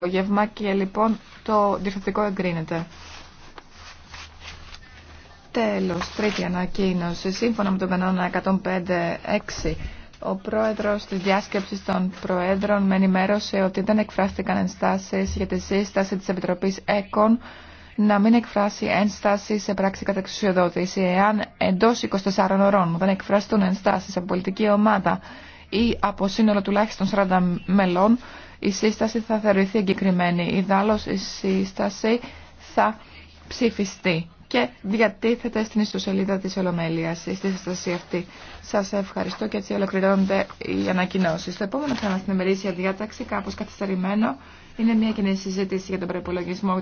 απόγευμα και λοιπόν το διευθυντικό εγκρίνεται. Τέλος, τρίτη ανακοίνωση. Σύμφωνα με τον κανόνα 105.6, ο πρόεδρος της διάσκεψης των προέδρων με ενημέρωσε ότι δεν εκφράστηκαν ενστάσεις για τη σύσταση της Επιτροπής ΕΚΟΝ να μην εκφράσει ένσταση σε πράξη καταξουσιοδότηση. Εάν εντός 24 ωρών δεν εκφραστούν ενστάσεις από πολιτική ομάδα ή από σύνολο τουλάχιστον 40 μελών, η σύσταση θα θεωρηθεί εγκεκριμένη. Ιδάλλως η σύσταση θα ψηφιστεί και διατίθεται στην ιστοσελίδα της Ολομέλειας στη σύσταση αυτή. Σας ευχαριστώ και έτσι ολοκληρώνονται οι ανακοινώσεις. Το επόμενο θέμα στην ημερήσια διάταξη, κάπως καθυστερημένο, είναι μια κοινή συζήτηση για τον προπολογισμό